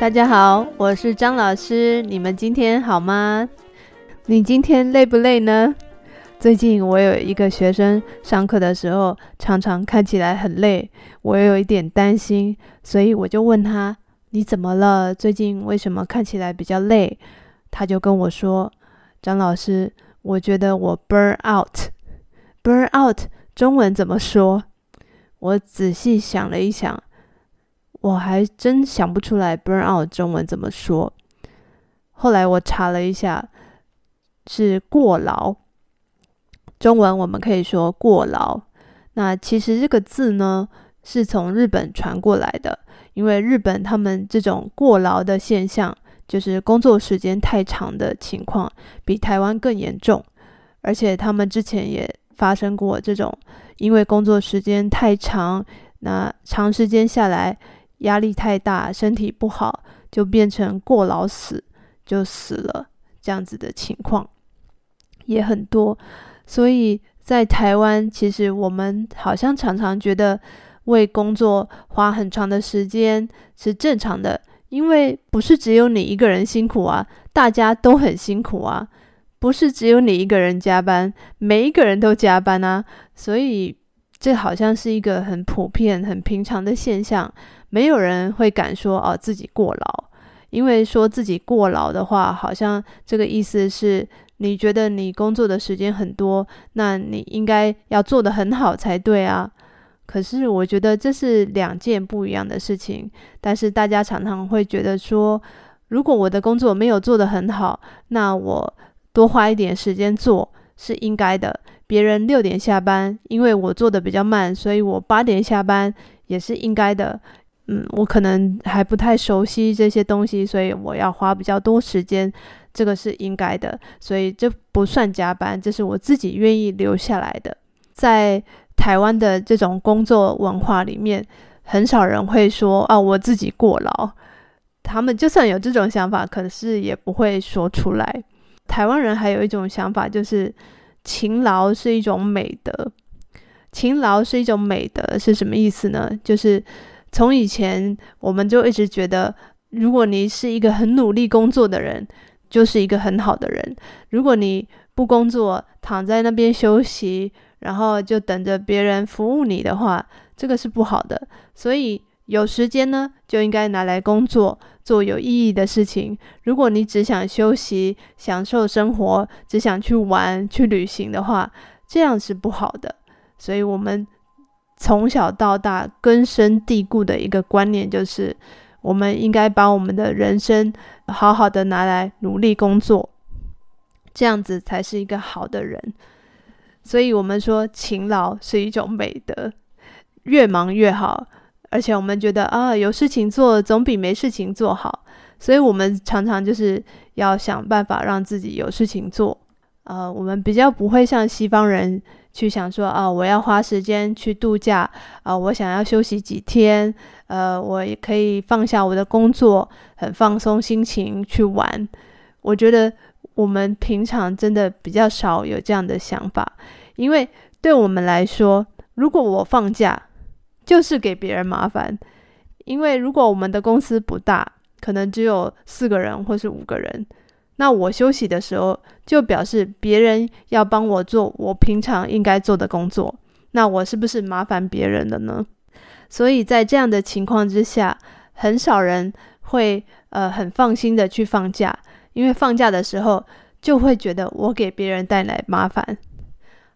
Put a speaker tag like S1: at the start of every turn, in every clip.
S1: 大家好，我是張老師。你們今天好嗎？你今天累不累呢？最近我有一個學生上課的時候，常常看起來很累，我有一點擔心，所以我就問他：“你怎麼了？最近為什麼看起來比較累？”他就跟我說：“張老師，我覺得我 burn out，burn out 中文怎麼說？”我仔細想了一想。我還真想不出來 “burn out” 中文怎麼說。後來我查了一下，是過勞。中文我們可以說“過勞”。那其實這個字呢，是從日本傳過來的，因為日本他們這種過勞的現象，就是工作時間太長的情況，比台灣更嚴重。而且他們之前也發生過這種，因為工作時間太長，那長時間下來。壓力太大，身體不好，就變成過勞死，就死了，這樣子的情況也很多。所以在台灣，其實我們好像常常覺得為工作花很長的時間是正常的，因為不是只有你一個人辛苦啊，大家都很辛苦啊，不是只有你一個人加班，每一個人都加班啊，所以這好像是一個很普遍、很平常的現象。沒有人會敢說哦，自己過勞，因為說自己過勞的話，好像這個意思是，你覺得你工作的時間很多，那你應該要做得很好才對啊。可是我覺得這是兩件不一樣的事情。但是大家常常會覺得說，如果我的工作沒有做得很好，那我多花一點時間做是應該的。別人六點下班，因為我做的比較慢，所以我八點下班也是應該的。嗯，我可能還不太熟悉這些東西，所以我要花比較多時間，這個是應該的，所以這不算加班，這是我自己願意留下來的。在台灣的這種工作文化裡面，很少人會說啊，哦，我自己過勞。他們就算有這種想法，可是也不會說出來。台灣人還有一種想法，就是勤勞是一種美德，勤勞是一種美德是什麼意思呢？就是。從以前我們就一直覺得，如果你是一個很努力工作的人，就是一個很好的人。如果你不工作，躺在那邊休息，然後就等着別人服務你的話，這個是不好的。所以有時間呢，就應該拿來工作，做有意義的事情。如果你只想休息、享受生活，只想去玩、去旅行的話，這樣是不好的。所以我們，從小到大根深蒂固的一個觀念就是，我們應該把我們的人生好好的拿來努力工作，這樣子才是一個好的人。所以，我們說勤勞是一種美德，越忙越好。而且，我們覺得啊，有事情做總比沒事情做好。所以，我們常常就是要想辦法讓自己有事情做。呃，我們比較不會像西方人。去想說啊，我要花時間去度假啊，我想要休息幾天，呃，我也可以放下我的工作，很放鬆心情去玩。我覺得我們平常真的比較少有這樣的想法，因為對我們來說，如果我放假，就是給別人麻煩。因為如果我們的公司不大，可能只有四個人或是五個人。那我休息的時候，就表示別人要幫我做我平常應該做的工作，那我是不是麻煩別人了呢？所以在這樣的情況之下，很少人會呃，很放心的去放假，因為放假的時候就會覺得我給別人帶來麻煩。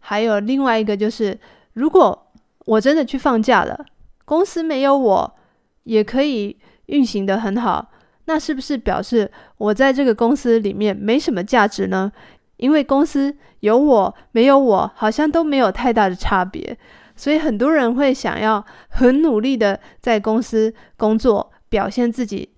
S1: 還有另外一個就是，如果我真的去放假了，公司沒有我，也可以運行得很好。那是不是表示我在這個公司裡面沒什麼價值呢？因為公司有我沒有我，好像都沒有太大的差別，所以很多人會想要很努力的在公司工作，表現自己，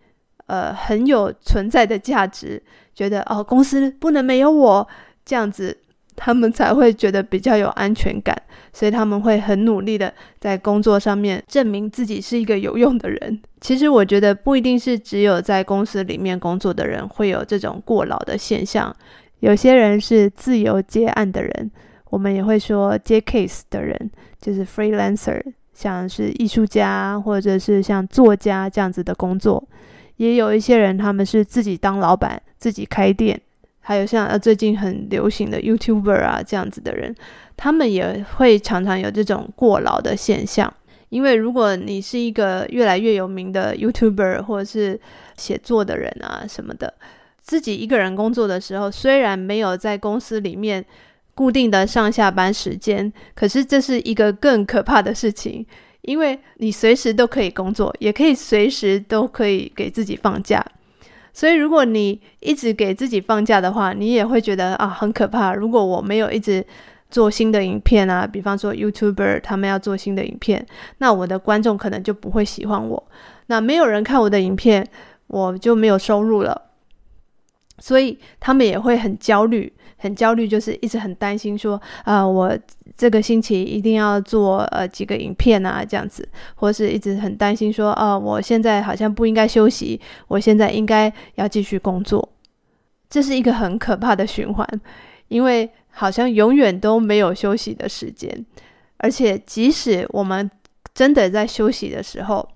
S1: 呃，很有存在的價值，覺得哦，公司不能沒有我這樣子。他們才會覺得比較有安全感，所以他們會很努力的在工作上面證明自己是一個有用的人。其實我覺得不一定是只有在公司裡面工作的人會有這種過勞的現象，有些人是自由接案的人，我們也會說接 case 的人，就是 freelancer，像是藝術家或者是像作家這樣子的工作，也有一些人他們是自己當老板，自己開店。還有像呃最近很流行的 YouTuber 啊，這樣子的人，他們也會常常有這種過勞的現象。因為如果你是一個越來越有名的 YouTuber 或者是寫作的人啊什麼的，自己一個人工作的時候，雖然沒有在公司裡面固定的上下班時間，可是這是一個更可怕的事情，因為你隨時都可以工作，也可以隨時都可以給自己放假。所以，如果你一直給自己放假的話，你也會覺得啊很可怕。如果我沒有一直做新的影片啊，比方說 YouTuber 他們要做新的影片，那我的觀眾可能就不會喜歡我，那沒有人看我的影片，我就沒有收入了。所以他們也會很焦慮，很焦慮，就是一直很擔心說，呃，我這個星期一定要做呃幾個影片啊，這樣子，或是一直很擔心說，啊，呃，我現在好像不應該休息，我現在應該要繼續工作，這是一個很可怕的循環，因為好像永遠都沒有休息的時間，而且即使我們真的在休息的時候，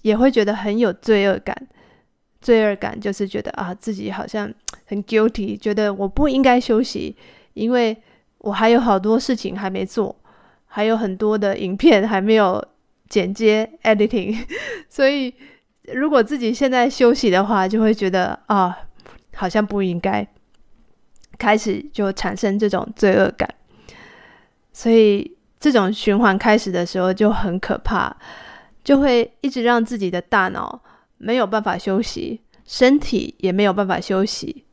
S1: 也會覺得很有罪惡感。罪惡感就是覺得啊，自己好像很 guilty，覺得我不應該休息，因為我還有好多事情還沒做，還有很多的影片還沒有剪接 editing，所以如果自己現在休息的話，就會覺得啊，好像不應該，開始就產生這種罪惡感，所以這種循環開始的時候就很可怕，就會一直讓自己的大腦。沒有辦法休息，身體也沒有辦法休息。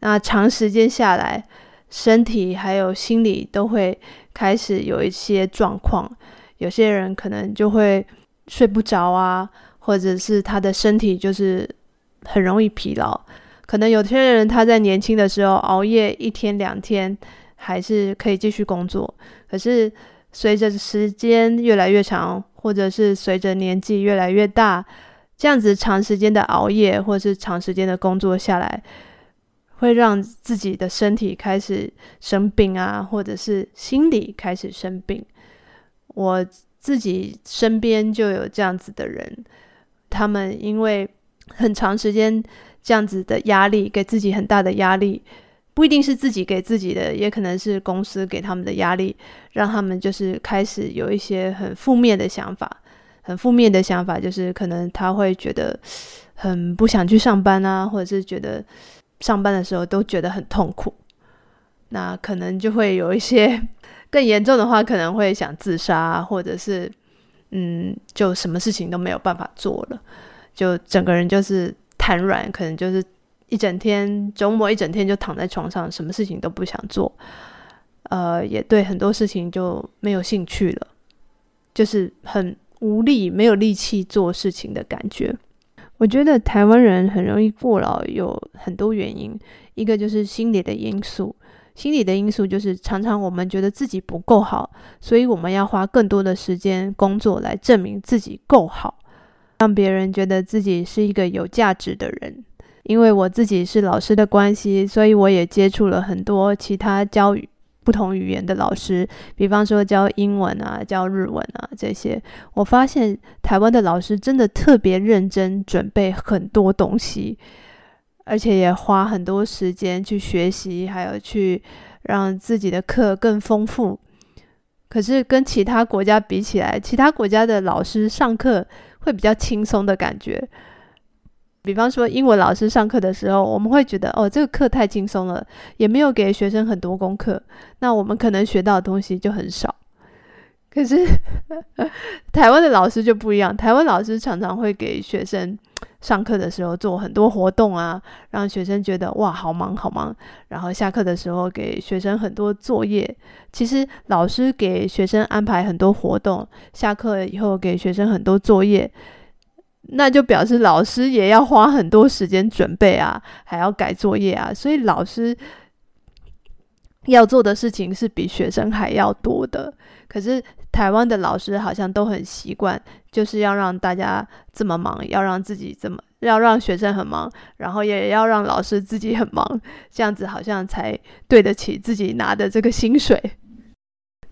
S1: 那長時間下來，身體還有心理都會開始有一些狀況。有些人可能就會睡不着啊，或者是他的身體就是很容易疲勞。可能有些人他在年輕的時候熬夜一天兩天，還是可以繼續工作，可是隨着時間越來越長，或者是隨着年紀越來越大。這樣子長時間的熬夜，或是長時間的工作下來，會讓自己的身體開始生病啊，或者是心理開始生病。我自己身邊就有這樣子的人，他們因為很長時間這樣子的壓力，給自己很大的壓力，不一定是自己給自己的，也可能是公司給他們的壓力，讓他們就是開始有一些很負面的想法。很負面的想法就是，可能他會覺得很不想去上班啊，或者是覺得上班的時候都覺得很痛苦。那可能就會有一些更嚴重的話，可能會想自殺啊，或者是嗯，就什麼事情都沒有辦法做了，就整個人就是癱軟，可能就是一整天週末一整天就躺在床上，什麼事情都不想做，呃，也對很多事情就沒有興趣了，就是很。無力、沒有力氣做事情的感覺。我覺得台灣人很容易過勞，有很多原因。一個就是心理的因素，心理的因素就是常常我們覺得自己不夠好，所以我們要花更多的時間工作來證明自己夠好，讓別人覺得自己是一個有價值的人。因為我自己是老師的關係，所以我也接觸了很多其他教育。不同語言的老師，比方說教英文啊、教日文啊這些，我發現台灣的老師真的特別認真，準備很多東西，而且也花很多時間去學習，還有去讓自己的課更豐富。可是跟其他國家比起來，其他國家的老師上課會比較輕鬆的感覺。比方說，英文老師上課的時候，我們會覺得哦，這個課太輕鬆了，也沒有給學生很多功課，那我們可能學到的東西就很少。可是台灣的老師就不一樣，台灣老師常常會給學生上課的時候做很多活動啊，讓學生覺得哇，好忙好忙。然後下課的時候給學生很多作業。其實老師給學生安排很多活動，下課以後給學生很多作業。那就表示老師也要花很多時間準備啊，還要改作業啊，所以老師要做的事情是比學生還要多的。可是台灣的老師好像都很習慣，就是要讓大家這麼忙，要讓自己這麼，要讓學生很忙，然後也要讓老師自己很忙，這樣子好像才對得起自己拿的這個薪水。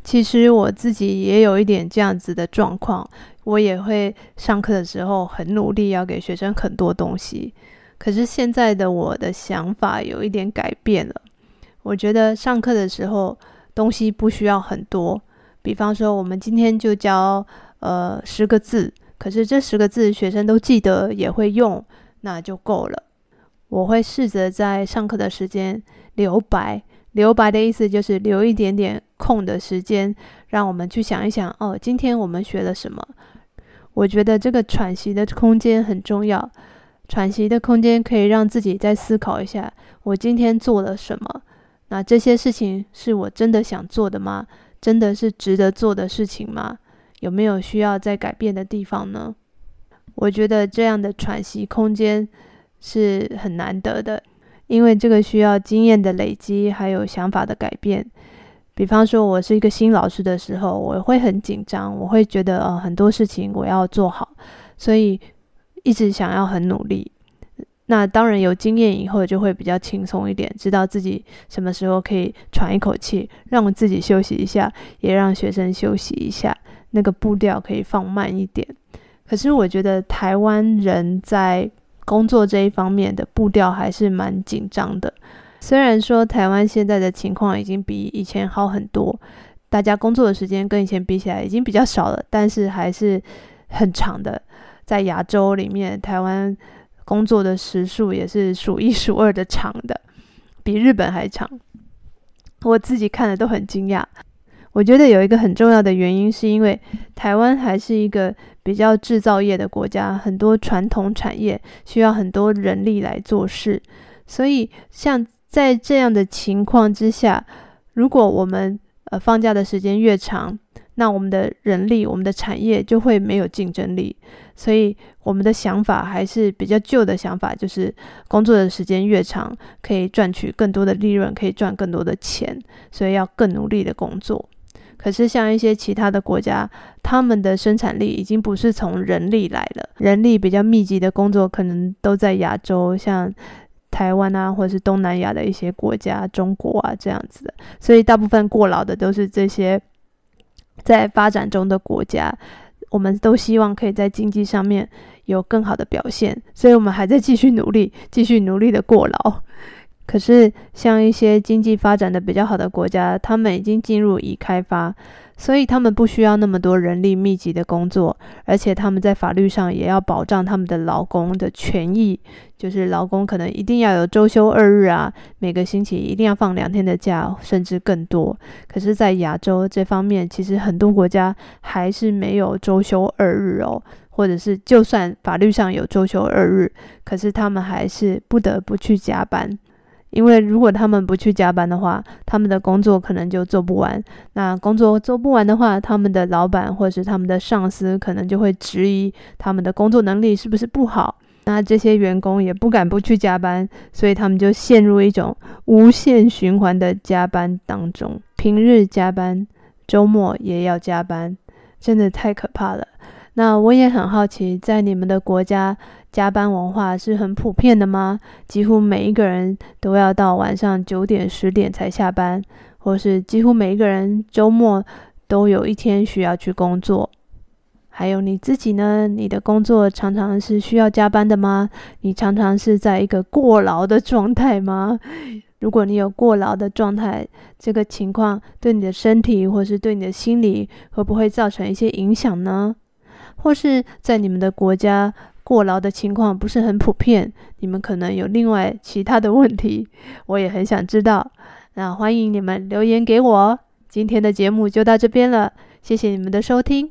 S1: 其實我自己也有一點這樣子的狀況，我也會上課的時候很努力，要給學生很多東西。可是現在的我的想法有一點改變了，我覺得上課的時候東西不需要很多。比方說，我們今天就教，呃，十個字，可是這十個字學生都記得也會用，那就夠了。我會試着在上課的時間留白，留白的意思就是留一點點。空的時間，讓我們去想一想哦。今天我們學了什麼？我覺得這個喘息的空間很重要。喘息的空間可以讓自己再思考一下，我今天做了什麼？那這些事情是我真的想做的嗎？真的是值得做的事情嗎？有沒有需要再改變的地方呢？我覺得這樣的喘息空間是很難得的，因為這個需要經驗的累積，還有想法的改變。比方說，我是一個新老師的時候，我會很緊張，我會覺得呃很多事情我要做好，所以一直想要很努力。那當然有經驗以後就會比較輕鬆一點，知道自己什麼時候可以喘一口氣，讓我自己休息一下，也讓學生休息一下，那個步調可以放慢一點。可是我覺得台灣人在工作這一方面的步調還是蠻緊張的。雖然說台灣現在的情況已經比以前好很多，大家工作的時間跟以前比起來已經比較少了，但是還是很長的。在亞洲裡面，台灣工作的時數也是數一數二的長的，比日本還長。我自己看了都很驚訝。我覺得有一個很重要的原因，是因為台灣還是一個比較制造業的國家，很多傳統產業需要很多人力來做事，所以像。在這樣的情況之下，如果我們呃放假的時間越長，那我們的人力、我們的產業就會沒有競爭力。所以我們的想法還是比較舊的想法，就是工作的時間越長，可以賺取更多的利潤，可以賺更多的錢，所以要更努力的工作。可是像一些其他的國家，他們的生產力已經不是從人力來了，人力比較密集的工作可能都在亞洲，像。台灣啊，或者是東南亞的一些國家，中國啊，這樣子的，所以大部分過勞的都是這些在發展中的國家。我們都希望可以在經濟上面有更好的表現，所以我們還在繼續努力，繼續努力的過勞。可是，像一些經濟發展的比較好的國家，他們已經進入已開發，所以他們不需要那麼多人力密集的工作，而且他們在法律上也要保障他們的勞工的權益，就是勞工可能一定要有周休二日啊，每個星期一定要放兩天的假，甚至更多。可是，在亞洲這方面，其實很多國家還是沒有周休二日哦，或者是就算法律上有周休二日，可是他們還是不得不去加班。因為如果他們不去加班的話，他們的工作可能就做不完。那工作做不完的話，他們的老闆或者是他們的上司可能就會質疑他們的工作能力是不是不好。那這些員工也不敢不去加班，所以他們就陷入一種無限循環的加班當中。平日加班，周末也要加班，真的太可怕了。那我也很好奇，在你們的國家，加班文化是很普遍的嗎？幾乎每一個人都要到晚上九點、十點才下班，或是幾乎每一個人週末都有一天需要去工作。還有你自己呢？你的工作常常是需要加班的嗎？你常常是在一個過勞的狀態嗎？如果你有過勞的狀態，這個情況對你的身體，或是對你的心理，會不會造成一些影響呢？或是在你們的國家，過勞的情況不是很普遍，你們可能有另外其他的問題，我也很想知道。那歡迎你們留言給我。今天的節目就到這邊了，謝謝你們的收聽。